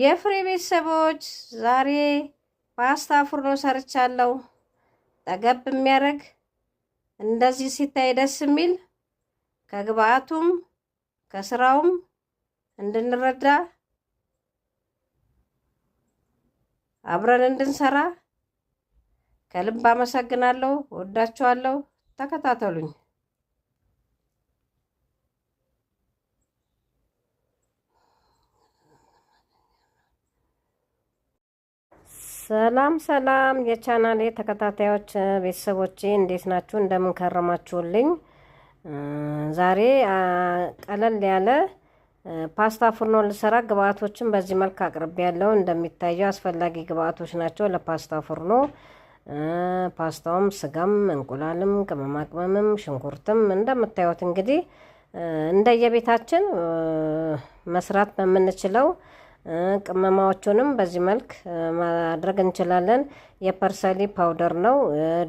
የፍሬ ቤተሰቦች ዛሬ ፓስታ ፉርኖ ሰርቻለሁ። ጠገብ የሚያደርግ እንደዚህ ሲታይ ደስ የሚል ከግብአቱም ከስራውም እንድንረዳ አብረን እንድንሰራ ከልብ አመሰግናለሁ። ወዳችኋለሁ። ተከታተሉኝ። ሰላም ሰላም የቻናሌ ተከታታዮች ቤተሰቦቼ እንዴት ናችሁ? እንደምን ከረማችሁልኝ? ዛሬ ቀለል ያለ ፓስታ ፉርኖ ልሰራ ግብአቶችን በዚህ መልክ አቅርቤ ያለው እንደሚታየው አስፈላጊ ግብአቶች ናቸው ለፓስታ ፉርኖ። ፓስታውም፣ ስጋም፣ እንቁላልም፣ ቅመማ ቅመምም፣ ሽንኩርትም እንደምታዩት እንግዲህ እንደየቤታችን መስራት በምንችለው ቅመማዎቹንም በዚህ መልክ ማድረግ እንችላለን። የፐርሰሊ ፓውደር ነው፣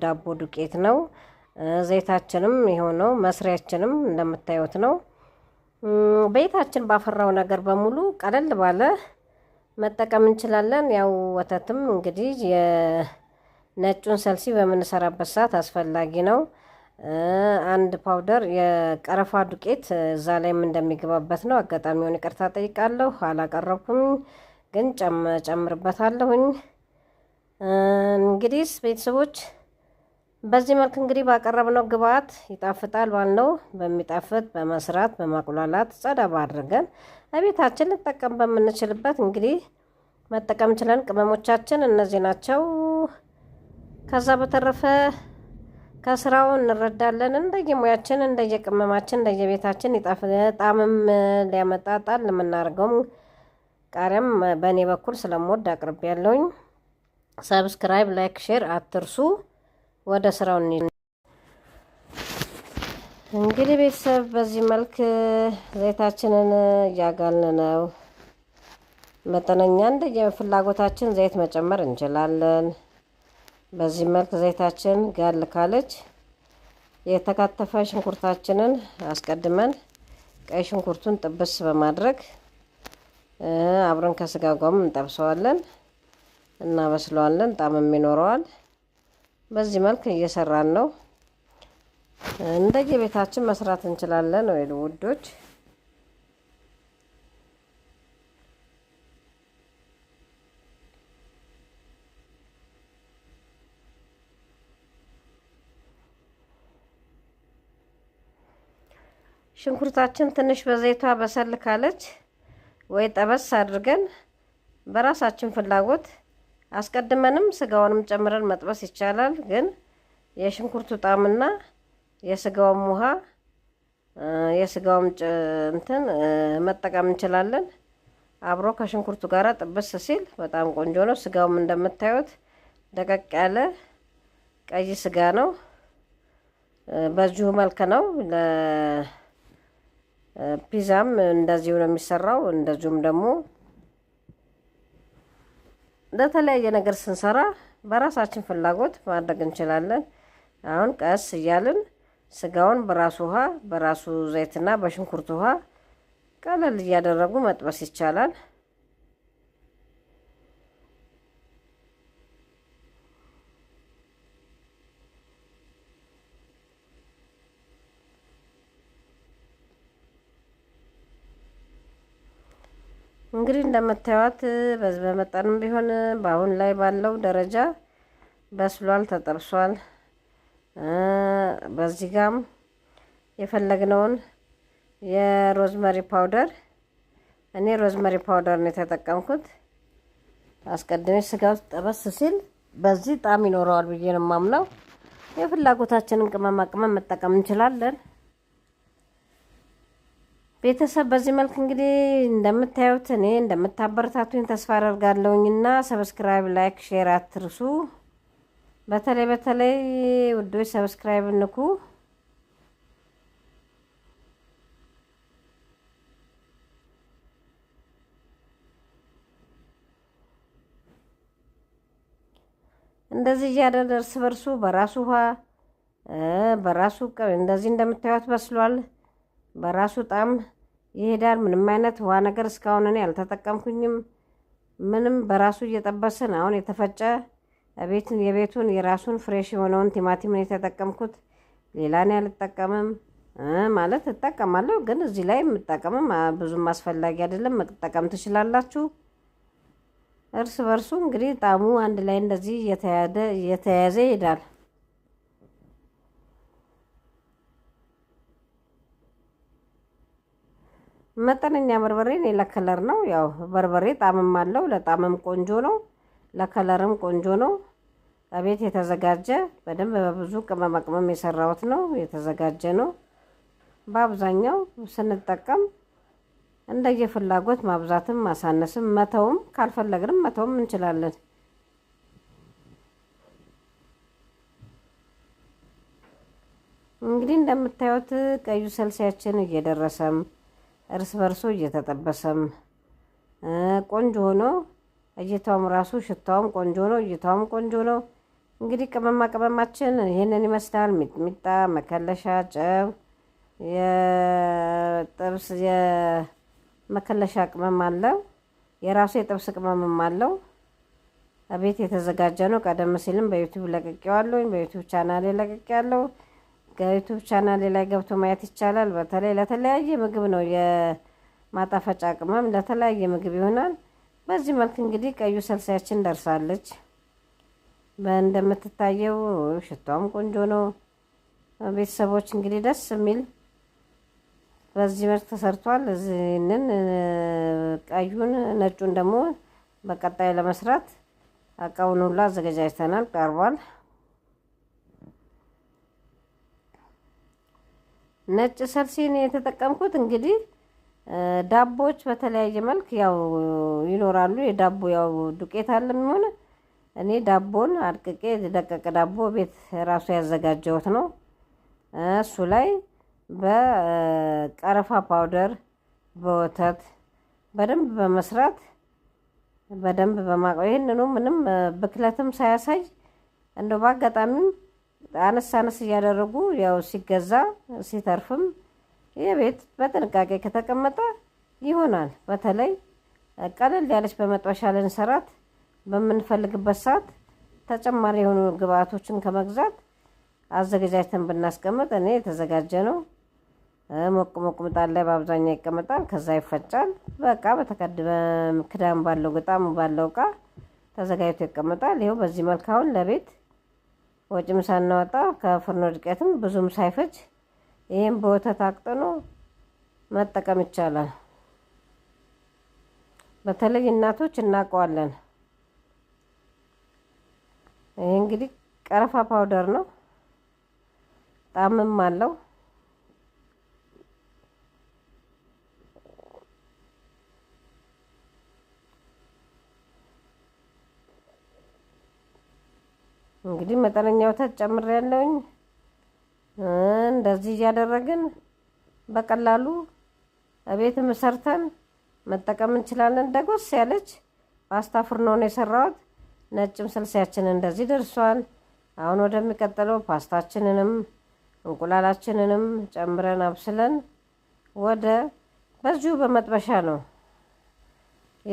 ዳቦ ዱቄት ነው። ዘይታችንም የሆነው መስሪያችንም እንደምታዩት ነው። ቤታችን ባፈራው ነገር በሙሉ ቀለል ባለ መጠቀም እንችላለን። ያው ወተትም እንግዲህ የነጩን ሰልሲ በምንሰራበት ሰዓት አስፈላጊ ነው። አንድ ፓውደር የቀረፋ ዱቄት እዛ ላይም እንደሚገባበት ነው። አጋጣሚውን ይቅርታ ጠይቃለሁ፣ አላቀረብኩም ግን ጨምርበታለሁኝ። እንግዲህ ቤተሰቦች በዚህ መልክ እንግዲህ ባቀረብነው ግብአት ይጣፍጣል ባልነው በሚጣፍጥ በመስራት በማቁላላት ጸዳ ባድርገን እቤታችን ልጠቀም በምንችልበት እንግዲህ መጠቀም ችለን ቅመሞቻችን እነዚህ ናቸው። ከዛ በተረፈ ከስራው እንረዳለን። እንደየሙያችን እንደየቅመማችን እንደየቤታችን ጣዕምም ሊያመጣ የምናደርገውም ቃሪያም በእኔ በኩል ስለምወድ አቅርቤ ያለውኝ። ሰብስክራይብ፣ ላይክ፣ ሼር አትርሱ። ወደ ስራው እንግዲህ ቤተሰብ በዚህ መልክ ዘይታችንን እያጋልን ነው። መጠነኛ እንደየፍላጎታችን ዘይት መጨመር እንችላለን። በዚህ መልክ ዘይታችን ጋል ካለች የተካተፈ ሽንኩርታችንን አስቀድመን ቀይ ሽንኩርቱን ጥብስ በማድረግ አብረን ከስጋ ጋርም እንጠብሰዋለን፣ እናበስለዋለን። ጣዕምም ይኖረዋል። በዚህ መልክ እየሰራን ነው። እንደየቤታችን መስራት እንችላለን ወይ ውዶች። ሽንኩርታችን ትንሽ በዘይቷ በሰል ካለች ወይ ጠበስ አድርገን በራሳችን ፍላጎት አስቀድመንም ስጋውንም ጨምረን መጥበስ ይቻላል። ግን የሽንኩርቱ ጣዕምና የስጋውም ውሃ የስጋውም እንትን መጠቀም እንችላለን። አብሮ ከሽንኩርቱ ጋር ጥብስ ሲል በጣም ቆንጆ ነው። ስጋውም እንደምታዩት ደቀቅ ያለ ቀይ ስጋ ነው። በዚሁ መልክ ነው። ፒዛም እንደዚሁ ነው የሚሰራው። እንደዚሁም ደግሞ ለተለያየ ነገር ስንሰራ በራሳችን ፍላጎት ማድረግ እንችላለን። አሁን ቀስ እያልን ስጋውን በራሱ ውሃ በራሱ ዘይትና በሽንኩርት ውሃ ቀለል እያደረጉ መጥበስ ይቻላል። እንግዲህ እንደምታዩት በዚህ በመጠንም ቢሆን በአሁን ላይ ባለው ደረጃ በስሏል፣ ተጠብሷል። በዚህ ጋም የፈለግነውን የሮዝመሪ ፓውደር እኔ ሮዝመሪ ፓውደር ነው የተጠቀምኩት። አስቀድሜ ስጋ ውስጥ ጠበስ ሲል በዚህ ጣዕም ይኖረዋል ብዬ ነው የማምነው። የፍላጎታችንን ቅመማ ቅመም መጠቀም እንችላለን። ቤተሰብ በዚህ መልክ እንግዲህ እንደምታዩት እኔ እንደምታበረታቱኝ ተስፋ አደርጋለሁኝ ሰብስክራይብ፣ ላይክ፣ ሼር አትርሱ። በተለይ በተለይ ውዶች ሰብስክራይብ ንኩ። እንደዚህ እያደረገ እርስ በርሱ በራሱ ውሃ በራሱ እንደዚህ እንደምታዩት በስሏል። በራሱ ጣም ይሄዳል። ምንም አይነት ውሃ ነገር እስካሁን እኔ አልተጠቀምኩኝም። ምንም በራሱ እየጠበስን አሁን የተፈጨ ቤትን የቤቱን የራሱን ፍሬሽ የሆነውን ቲማቲምን የተጠቀምኩት ሌላ እኔ አልጠቀምም። ማለት እጠቀማለሁ ግን እዚህ ላይ የምጠቀምም ብዙም አስፈላጊ አይደለም። መጠቀም ትችላላችሁ። እርስ በርሱ እንግዲህ ጣዕሙ አንድ ላይ እንደዚህ እየተያዘ ይሄዳል። መጠነኛ በርበሬ እኔ ለከለር ነው። ያው በርበሬ ጣዕምም አለው፣ ለጣምም ቆንጆ ነው፣ ለከለርም ቆንጆ ነው። ከቤት የተዘጋጀ በደንብ በብዙ ቅመማ ቅመም የሰራሁት ነው፣ የተዘጋጀ ነው። በአብዛኛው ስንጠቀም እንደየፍላጎት ማብዛትም ማሳነስም መተውም ካልፈለግንም መተውም እንችላለን። እንግዲህ እንደምታዩት ቀዩ ሰልሲያችን እየደረሰም እርስ በርሶ እየተጠበሰም ቆንጆ ሆኖ እይታውም ራሱ ሽታውም ቆንጆ ነው፣ እይታውም ቆንጆ ነው። እንግዲህ ቅመማ ቅመማችን ይህንን ይመስላል። ሚጥሚጣ፣ መከለሻ፣ ጨው፣ የጥብስ የመከለሻ ቅመም አለው። የራሱ የጥብስ ቅመምም አለው። ቤት የተዘጋጀ ነው። ቀደም ሲልም በዩቲዩብ ለቅቄዋለሁ። በዩቲዩብ ቻናሌ ለቅቄያለሁ። ከዩቱብ ቻናሌ ላይ ገብቶ ማየት ይቻላል። በተለይ ለተለያየ ምግብ ነው የማጣፈጫ ቅመም ለተለያየ ምግብ ይሆናል። በዚህ መልክ እንግዲህ ቀዩ ሰልሳያችን ደርሳለች። እንደምትታየው ሽቷም ቆንጆ ነው። ቤተሰቦች እንግዲህ ደስ የሚል በዚህ መልክ ተሰርቷል። እዚህንን ቀዩን ነጩን ደግሞ በቀጣይ ለመስራት እቃውን ሁሉ አዘገጃጅተናል ቀርቧል። ነጭ ሰልሲን የተጠቀምኩት እንግዲህ ዳቦዎች በተለያየ መልክ ያው ይኖራሉ። የዳቦ ያው ዱቄት አለ የሚሆነ እኔ ዳቦን አድቅቄ ደቀቀ ዳቦ ቤት ራሱ ያዘጋጀሁት ነው። እሱ ላይ በቀረፋ ፓውደር፣ በወተት በደንብ በመስራት በደንብ በማቀ ይህንኑ ምንም ብክለትም ሳያሳይ እንደው በአጋጣሚም አነስ አነስ እያደረጉ ያው ሲገዛ ሲተርፍም የቤት በጥንቃቄ ከተቀመጠ ይሆናል። በተለይ ቀለል ያለች በመጥበሻ ልንሰራት በምንፈልግበት ሰዓት ተጨማሪ የሆኑ ግብአቶችን ከመግዛት አዘገጃጅተን ብናስቀምጥ እኔ የተዘጋጀ ነው። ሞቅ ሞቅ ምጣድ ላይ በአብዛኛው ይቀመጣል። ከዛ ይፈጫል። በቃ በተቀድመ ክዳን ባለው ግጣም ባለው እቃ ተዘጋጅቶ ይቀመጣል። ይኸው በዚህ መልክ አሁን ለቤት ወጭም ሳናወጣ ከፍርኖ ዱቄትም ብዙም ሳይፈጅ ይህም በወተት አቅጥኖ መጠቀም ይቻላል። በተለይ እናቶች እናውቀዋለን። ይህ እንግዲህ ቀረፋ ፓውደር ነው፣ ጣዕምም አለው። እንግዲህ መጠነኛ ወተት ጨምር ያለውኝ እንደዚህ እያደረግን በቀላሉ እቤትም ሰርተን መጠቀም እንችላለን። ደጎስ ያለች ፓስታ ፍርኖ ነው የሰራሁት። ነጭም ስልሲያችን እንደዚህ ደርሷል። አሁን ወደሚቀጥለው ፓስታችንንም እንቁላላችንንም ጨምረን አብስለን ወደ በዚሁ በመጥበሻ ነው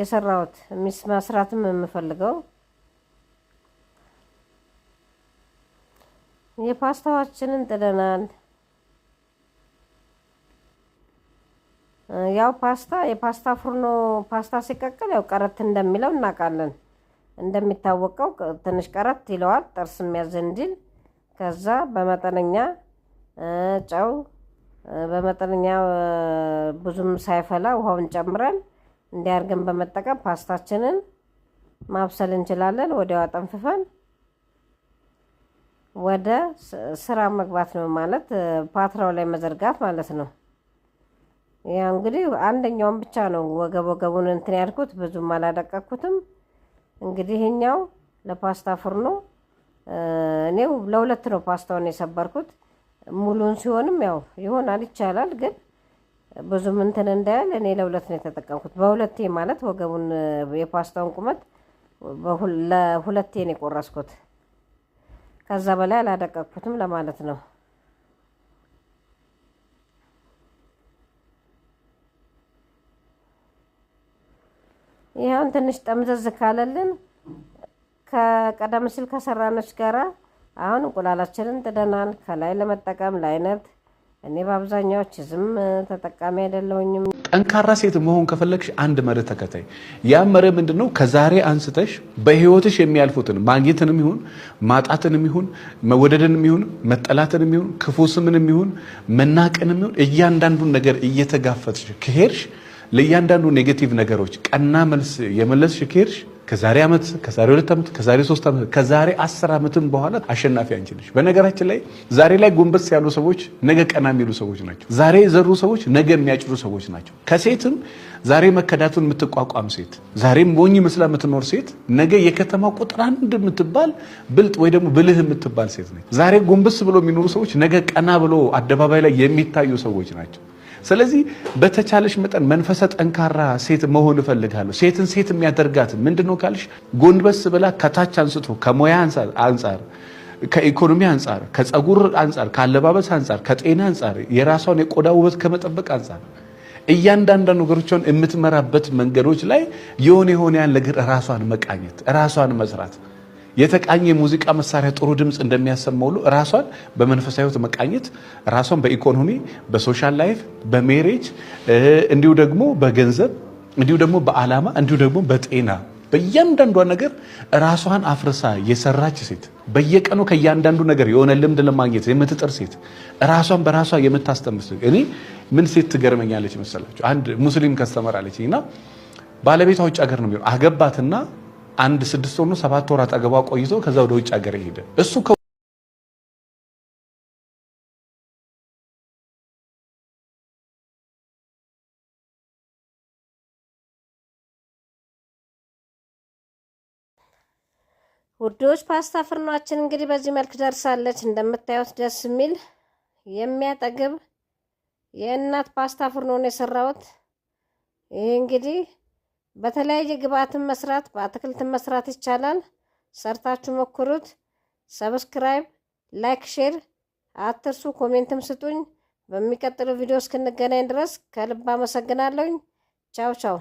የሰራሁት። ሚስ ማስራትም የምፈልገው የፓስታዋችንን ጥለናል። ያው ፓስታ የፓስታ ፍርኖ ፓስታ ሲቀቅል ያው ቀረት እንደሚለው እናውቃለን። እንደሚታወቀው ትንሽ ቀረት ይለዋል ጥርስ የሚያዝ እንዲል። ከዛ በመጠነኛ ጨው በመጠነኛ ብዙም ሳይፈላ ውሃውን ጨምረን እንዲያርገን በመጠቀም ፓስታችንን ማብሰል እንችላለን። ወዲያው አጠንፍፈን ወደ ስራ መግባት ነው ማለት ፓትራው ላይ መዘርጋት ማለት ነው። ያው እንግዲህ አንደኛውን ብቻ ነው ወገብ ወገቡን እንትን ያልኩት ብዙም አላደቀኩትም። እንግዲህ ይሄኛው ለፓስታ ፍርኖ እኔው ለሁለት ነው ፓስታውን የሰበርኩት። ሙሉን ሲሆንም ያው ይሆናል ይቻላል፣ ግን ብዙም እንትን እንዳያል እኔ ለሁለት ነው የተጠቀምኩት። በሁለቴ ማለት ወገቡን የፓስታውን ቁመት ለሁለቴ ነው የቆረስኩት። ከዛ በላይ አላደቀኩትም ለማለት ነው። ይኸውን ትንሽ ጠምዘዝ ካለልን ከቀደም ሲል ከሰራነች ጋራ አሁን እንቁላላችንን ጥደናል። ከላይ ለመጠቀም ለአይነት እኔ በአብዛኛዎች ዝም ተጠቃሚ አይደለሁኝም። ጠንካራ ሴት መሆን ከፈለግሽ አንድ መርህ ተከታይ። ያ መርህ ምንድን ነው? ከዛሬ አንስተሽ በህይወትሽ የሚያልፉትን ማግኘትንም ይሁን ማጣትንም ይሁን መወደድንም ይሁን መጠላትንም ይሁን ክፉ ስምንም ይሁን መናቅንም ይሁን እያንዳንዱን ነገር እየተጋፈጥሽ ከሄድሽ ለእያንዳንዱ ኔጌቲቭ ነገሮች ቀና መልስ የመለስሽ ከሄድሽ ከዛሬ ዓመት ከዛሬ ሁለት ዓመት ከዛሬ ሶስት ዓመት ከዛሬ አስር ዓመትም በኋላ አሸናፊ አንቺ ነሽ። በነገራችን ላይ ዛሬ ላይ ጎንበስ ያሉ ሰዎች ነገ ቀና የሚሉ ሰዎች ናቸው። ዛሬ የዘሩ ሰዎች ነገ የሚያጭዱ ሰዎች ናቸው። ከሴትም ዛሬ መከዳቱን የምትቋቋም ሴት፣ ዛሬም ሞኝ መስላ የምትኖር ሴት ነገ የከተማ ቁጥር አንድ የምትባል ብልጥ ወይ ደግሞ ብልህ የምትባል ሴት ነች። ዛሬ ጎንበስ ብሎ የሚኖሩ ሰዎች ነገ ቀና ብሎ አደባባይ ላይ የሚታዩ ሰዎች ናቸው። ስለዚህ በተቻለሽ መጠን መንፈሰ ጠንካራ ሴት መሆን እፈልጋለሁ። ሴትን ሴት የሚያደርጋት ምንድነው ካልሽ ጎንበስ ብላ ከታች አንስቶ ከሙያ አንጻር ከኢኮኖሚ አንጻር፣ ከፀጉር አንጻር፣ ከአለባበስ አንጻር፣ ከጤና አንጻር፣ የራሷን የቆዳ ውበት ከመጠበቅ አንጻር እያንዳንዳ ነገሮቿን የምትመራበት መንገዶች ላይ የሆነ የሆነ ያን ነገር ራሷን መቃኘት ራሷን መስራት የተቃኘ የሙዚቃ መሳሪያ ጥሩ ድምፅ እንደሚያሰማው ሁሉ ራሷን በመንፈሳዊ ሕይወት መቃኘት ራሷን በኢኮኖሚ በሶሻል ላይፍ በሜሬጅ እንዲሁ ደግሞ በገንዘብ እንዲሁ ደግሞ በዓላማ እንዲሁ ደግሞ በጤና በእያንዳንዷ ነገር ራሷን አፍርሳ የሰራች ሴት በየቀኑ ከእያንዳንዱ ነገር የሆነ ልምድ ለማግኘት የምትጥር ሴት ራሷን በራሷ የምታስተምስ እኔ ምን ሴት ትገርመኛለች መሰላችሁ? አንድ ሙስሊም ከስተመር አለችኝ እና ባለቤቷ ውጭ ሀገር ነው የሚሆነው አገባትና አንድ ስድስት ወር ነው ሰባት ወር አጠገቧ ቆይቶ ከዛ ወደ ውጭ ሀገር ሄደ። እሱ ውዶች ፓስታ ፍርኗችን እንግዲህ በዚህ መልክ ደርሳለች። እንደምታዩት ደስ የሚል የሚያጠግብ የእናት ፓስታ ፍርኖ ነው የሰራሁት። ይሄ እንግዲህ በተለያየ ግብአትን መስራት በአትክልት መስራት ይቻላል። ሰርታችሁ ሞክሩት። ሰብስክራይብ፣ ላይክ፣ ሼር አትርሱ። ኮሜንትም ስጡኝ። በሚቀጥለው ቪዲዮ እስክንገናኝ ድረስ ከልብ አመሰግናለሁኝ። ቻው ቻው።